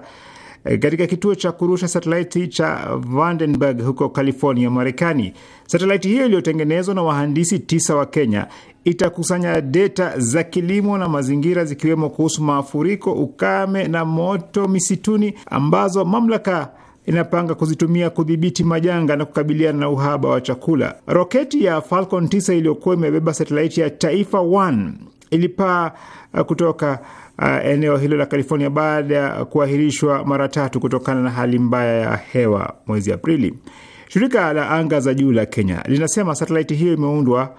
eh, katika kituo cha kurusha satelaiti cha Vandenberg huko California, Marekani. Satelaiti hiyo iliyotengenezwa na wahandisi tisa wa Kenya itakusanya data za kilimo na mazingira zikiwemo kuhusu mafuriko, ukame na moto misituni ambazo mamlaka inapanga kuzitumia kudhibiti majanga na kukabiliana na uhaba wa chakula. Roketi ya Falcon 9 iliyokuwa imebeba satelaiti ya Taifa 1 ilipaa uh, kutoka uh, eneo hilo la California baada ya kuahirishwa mara tatu kutokana na hali mbaya ya hewa mwezi Aprili. Shirika la anga za juu la Kenya linasema satelaiti hiyo imeundwa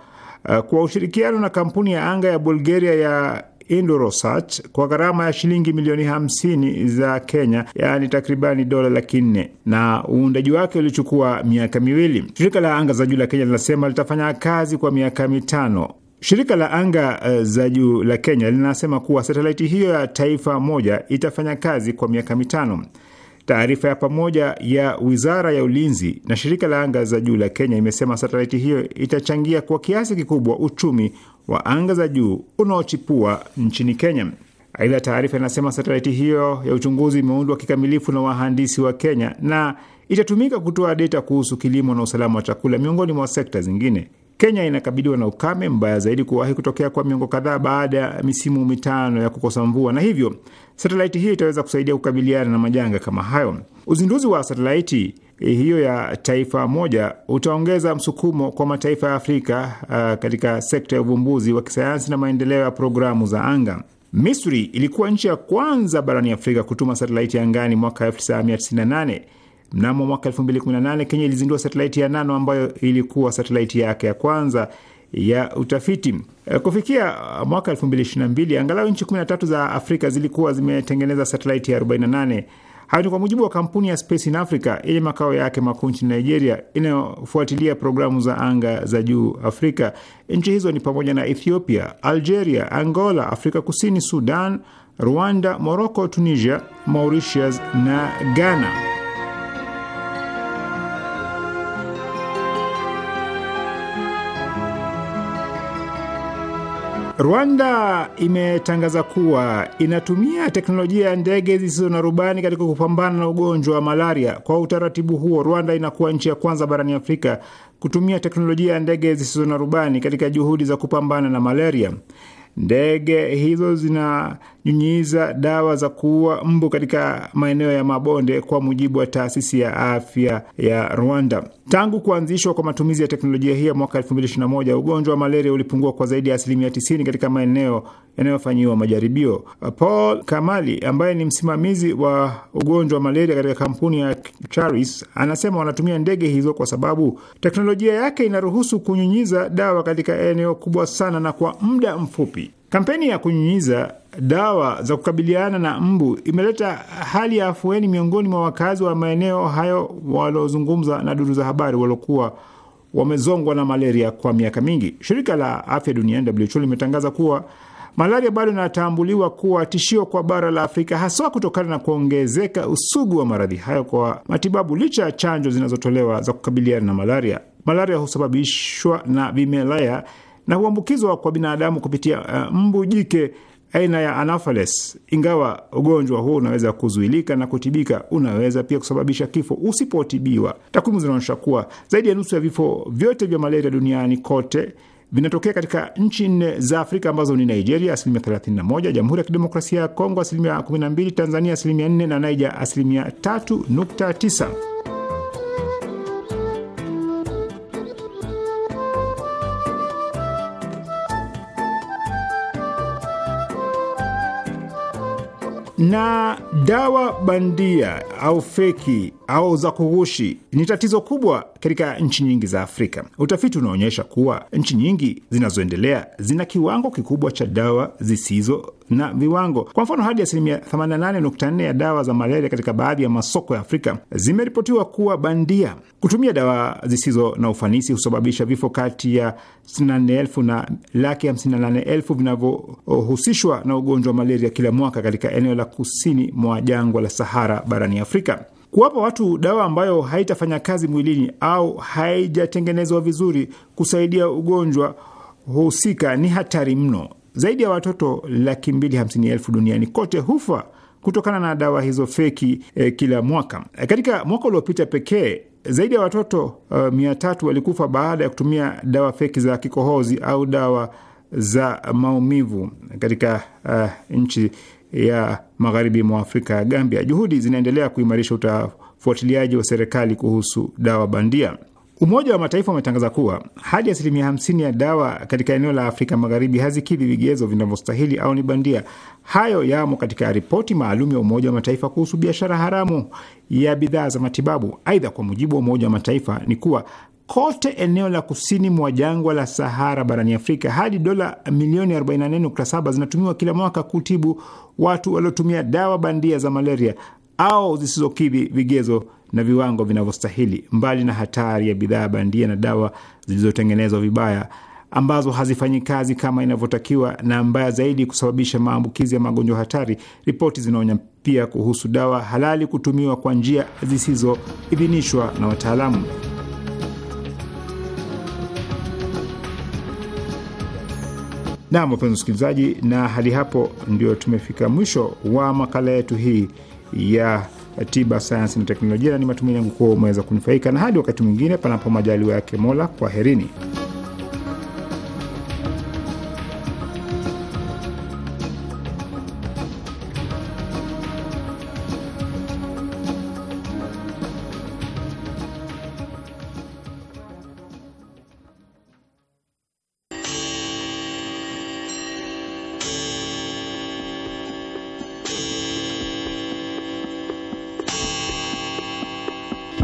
Eh, kwa ushirikiano na kampuni ya anga ya Bulgaria ya Indorosat kwa gharama ya shilingi milioni hamsini za Kenya, yaani takribani dola laki nne na uundaji wake ulichukua miaka miwili. Shirika la anga za juu la Kenya linasema litafanya kazi kwa miaka mitano. Shirika la anga eh, za juu la Kenya linasema kuwa satelaiti hiyo ya taifa moja itafanya kazi kwa miaka mitano. Taarifa ya pamoja ya wizara ya ulinzi na shirika la anga za juu la Kenya imesema satelaiti hiyo itachangia kwa kiasi kikubwa uchumi wa anga za juu unaochipua nchini Kenya. Aidha, taarifa inasema satelaiti hiyo ya uchunguzi imeundwa kikamilifu na wahandisi wa Kenya na itatumika kutoa data kuhusu kilimo na usalama wa chakula miongoni mwa sekta zingine. Kenya inakabiliwa na ukame mbaya zaidi kuwahi kutokea kwa miongo kadhaa baada ya misimu mitano ya kukosa mvua, na hivyo satelaiti hiyo itaweza kusaidia kukabiliana na majanga kama hayo. Uzinduzi wa satelaiti eh, hiyo ya taifa moja utaongeza msukumo kwa mataifa ya Afrika uh, katika sekta ya uvumbuzi wa kisayansi na maendeleo ya programu za anga. Misri ilikuwa nchi ya kwanza barani Afrika kutuma satelaiti angani mwaka 1998. Mnamo mwaka 2018 Kenya ilizindua satelaiti ya Nano ambayo ilikuwa satelaiti yake ya kwanza ya utafiti. Eh, kufikia mwaka 2022 angalau nchi 13 za Afrika zilikuwa zimetengeneza satelaiti ya 48. Hayo ni kwa mujibu wa kampuni ya Space in Africa yenye makao yake makuu nchini Nigeria, inayofuatilia programu za anga za juu Afrika. Nchi hizo ni pamoja na Ethiopia, Algeria, Angola, Afrika Kusini, Sudan, Rwanda, Morocco, Tunisia, Mauritius na Ghana. Rwanda imetangaza kuwa inatumia teknolojia ya ndege zisizo na rubani katika kupambana na ugonjwa wa malaria. Kwa utaratibu huo, Rwanda inakuwa nchi ya kwanza barani Afrika kutumia teknolojia ya ndege zisizo na rubani katika juhudi za kupambana na malaria. Ndege hizo zina kunyunyiza dawa za kuua mbu katika maeneo ya mabonde, kwa mujibu wa taasisi ya afya ya Rwanda. Tangu kuanzishwa kwa matumizi ya teknolojia hii ya mwaka 2021 ugonjwa wa malaria ulipungua kwa zaidi ya asilimia 90 katika maeneo yanayofanyiwa majaribio. Paul Kamali ambaye ni msimamizi wa ugonjwa wa malaria katika kampuni ya Charis anasema wanatumia ndege hizo kwa sababu teknolojia yake inaruhusu kunyunyiza dawa katika eneo kubwa sana na kwa muda mfupi. Kampeni ya kunyunyiza dawa za kukabiliana na mbu imeleta hali ya afueni miongoni mwa wakazi wa maeneo hayo waliozungumza na duru za habari waliokuwa wamezongwa na malaria kwa miaka mingi. Shirika la afya duniani WHO limetangaza kuwa malaria bado inatambuliwa kuwa tishio kwa bara la Afrika, haswa kutokana na kuongezeka usugu wa maradhi hayo kwa matibabu, licha ya chanjo zinazotolewa za kukabiliana na malaria. Malaria husababishwa na vimelea na huambukizwa kwa binadamu kupitia uh, mbu jike aina ya anafales. Ingawa ugonjwa huu unaweza kuzuilika na kutibika, unaweza pia kusababisha kifo usipotibiwa. Takwimu zinaonyesha kuwa zaidi ya nusu ya vifo vyote vya malaria duniani kote vinatokea katika nchi nne za Afrika ambazo ni Nigeria asilimia 31, Jamhuri ya Kidemokrasia ya Kongo asilimia 12, Tanzania asilimia 4 na naija asilimia 3.9. na dawa bandia au feki au za kughushi ni tatizo kubwa katika nchi nyingi za Afrika. Utafiti unaonyesha kuwa nchi nyingi zinazoendelea zina kiwango kikubwa cha dawa zisizo na viwango. Kwa mfano, hadi asilimia 88.4 ya dawa za malaria katika baadhi ya masoko ya Afrika zimeripotiwa kuwa bandia. Kutumia dawa zisizo na ufanisi husababisha vifo kati ya 64,000 na laki 58,000 vinavyohusishwa na ugonjwa wa malaria kila mwaka katika eneo la kusini mwa jangwa la Sahara barani Afrika. Kuwapa watu dawa ambayo haitafanya kazi mwilini au haijatengenezwa vizuri kusaidia ugonjwa husika ni hatari mno. Zaidi ya watoto laki mbili hamsini elfu duniani kote hufa kutokana na dawa hizo feki eh, kila mwaka. E, katika mwaka uliopita pekee zaidi ya watoto uh, mia tatu walikufa baada ya kutumia dawa feki za kikohozi au dawa za maumivu katika uh, nchi ya magharibi mwa Afrika ya Gambia. Juhudi zinaendelea kuimarisha utafuatiliaji wa serikali kuhusu dawa bandia. Umoja wa Mataifa umetangaza kuwa hadi asilimia 50 ya dawa katika eneo la Afrika Magharibi hazikidhi vigezo vinavyostahili au ni bandia. Hayo yamo katika ripoti maalum ya Umoja wa Mataifa kuhusu biashara haramu ya bidhaa za matibabu. Aidha, kwa mujibu wa Umoja wa Mataifa ni kuwa kote eneo la kusini mwa jangwa la Sahara barani Afrika. Hadi dola milioni 44.7 zinatumiwa kila mwaka kutibu watu waliotumia dawa bandia za malaria au zisizokidhi vigezo na viwango vinavyostahili. Mbali na hatari ya bidhaa bandia na dawa zilizotengenezwa vibaya ambazo hazifanyi kazi kama inavyotakiwa, na mbaya zaidi, kusababisha maambukizi ya magonjwa hatari, ripoti zinaonya pia kuhusu dawa halali kutumiwa kwa njia zisizoidhinishwa na wataalamu. Naam wapenzi msikilizaji, na hadi hapo ndio tumefika mwisho wa makala yetu hii ya tiba, sayansi na teknolojia, na ni matumaini yangu kuwa umeweza kunufaika. Na hadi wakati mwingine, panapo majaliwa yake Mola, kwaherini.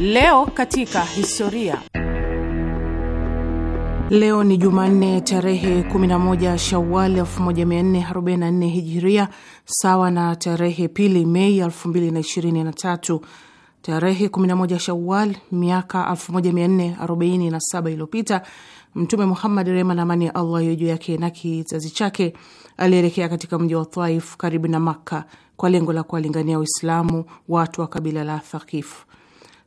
Leo katika historia. Leo ni Jumanne tarehe 11 shawal 1444 Hijiria, sawa na tarehe pili Mei 2023. Tarehe 11 Shawal miaka 1447 iliyopita Mtume Muhammad, rehma na amani ya Allah iwe juu yake na kizazi chake, alielekea katika mji wa Thaif karibu na Makka kwa lengo la kuwalingania Waislamu watu wa kabila la Thakifu.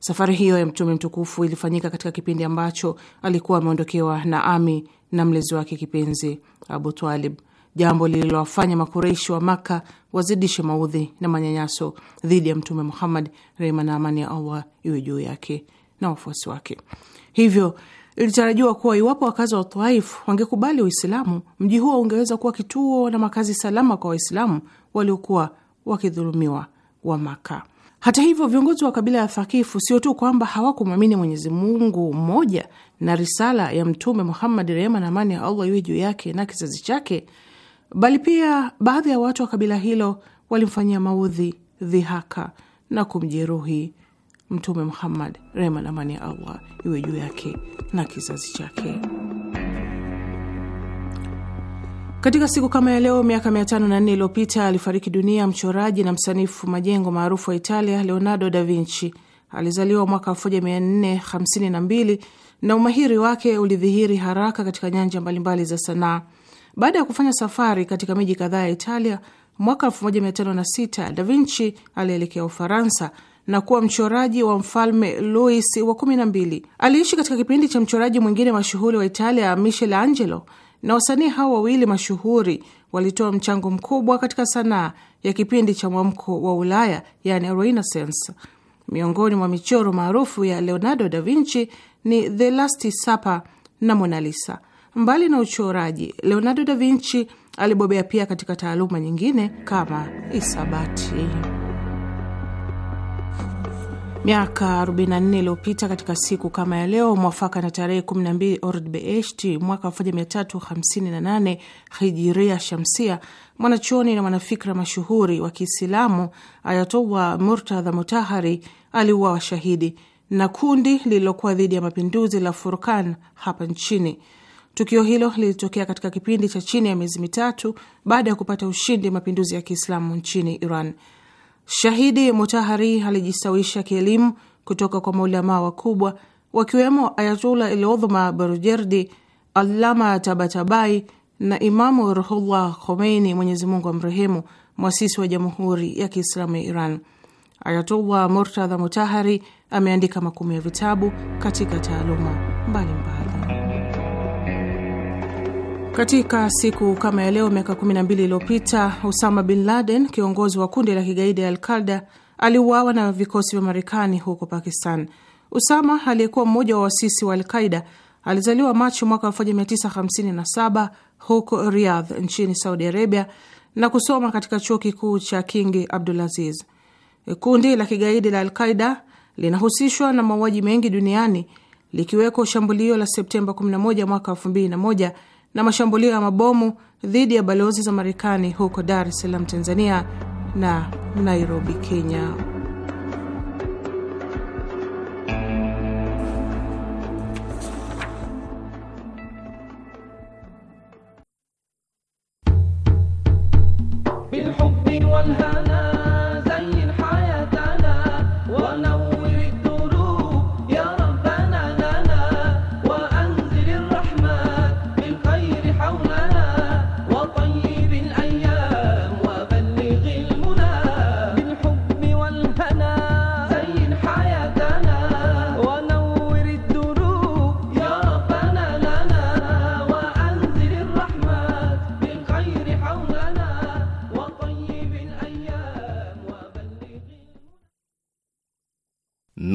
Safari hiyo ya mtume mtukufu ilifanyika katika kipindi ambacho alikuwa ameondokewa na ami na mlezi wake kipenzi Abu Twalib, jambo lililowafanya Makureishi wa Maka wazidishe maudhi na manyanyaso dhidi ya Mtume Muhammad, rehma na amani ya Allah iwe juu yake na wafuasi wake. Hivyo ilitarajiwa kuwa iwapo wakazi wa Thaifu wangekubali Uislamu, mji huo ungeweza kuwa kituo na makazi salama kwa Waislamu waliokuwa wakidhulumiwa wa Maka. Hata hivyo, viongozi wa kabila ya Thakifu sio tu kwamba hawakumwamini Mwenyezi Mungu mmoja na risala ya Mtume Muhammad, rehema na amani ya Allah iwe juu yake na kizazi chake, bali pia baadhi ya watu wa kabila hilo walimfanyia maudhi, dhihaka na kumjeruhi Mtume Muhammad, rehema na amani ya Allah iwe juu yake na kizazi chake. Katika siku kama ya leo miaka nne iliyopita alifariki dunia mchoraji na msanifu majengo maarufu wa Italia, Leonardo da Vinci. Alizaliwa mwaka 1452 na umahiri wake ulidhihiri haraka katika nyanja mbalimbali za sanaa. Baada ya kufanya safari katika miji kadhaa ya Italia, mwaka 1506 da Vinci alielekea Ufaransa na kuwa mchoraji wa mfalme Louis wa 12. Aliishi katika kipindi cha mchoraji mwingine mashuhuri wa Italia, Michelangelo, na wasanii hao wawili mashuhuri walitoa mchango mkubwa katika sanaa ya kipindi cha mwamko wa Ulaya, yani Renaissance. Miongoni mwa michoro maarufu ya Leonardo da Vinci ni The Last Supper na Mona Lisa. Mbali na uchoraji, Leonardo da Vinci alibobea pia katika taaluma nyingine kama isabati. Miaka 44 iliyopita katika siku kama ya leo, mwafaka na tarehe 12 Ordibeheshti mwaka 1358 hijiria shamsia, mwanachuoni na mwanafikra mashuhuri wa Kiislamu Ayatollah Murtadha Mutahari aliuawa shahidi na kundi lililokuwa dhidi ya mapinduzi la Furkan hapa nchini. Tukio hilo lilitokea katika kipindi cha chini ya miezi mitatu baada ya kupata ushindi mapinduzi ya Kiislamu nchini Iran. Shahidi Mutahari alijistawisha kielimu kutoka kwa maulamaa wakubwa wakiwemo Ayatullah Ilodhma Barujerdi, Allama Tabatabai na Imamu Ruhullah Khomeini, Mwenyezi Mungu amrehemu, mwasisi wa Jamhuri ya Kiislamu ya Iran. Ayatullah Murtadha Mutahari ameandika makumi ya vitabu katika taaluma mbalimbali. Katika siku kama ya leo miaka 12 iliyopita Osama bin Laden, kiongozi wa kundi la kigaidi ya Alqaida, aliuawa na vikosi vya Marekani huko Pakistan. Usama aliyekuwa mmoja wa wasisi wa Alqaida alizaliwa Machi mwaka 1957 huko Riyadh nchini Saudi Arabia na kusoma katika chuo kikuu cha Kingi Abdulaziz. Kundi la kigaidi la Alqaida linahusishwa na mauaji mengi duniani likiweko shambulio la Septemba 11 mwaka 2001 na mashambulio ya mabomu dhidi ya balozi za Marekani huko Dar es Salaam, Tanzania na Nairobi, Kenya.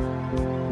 Música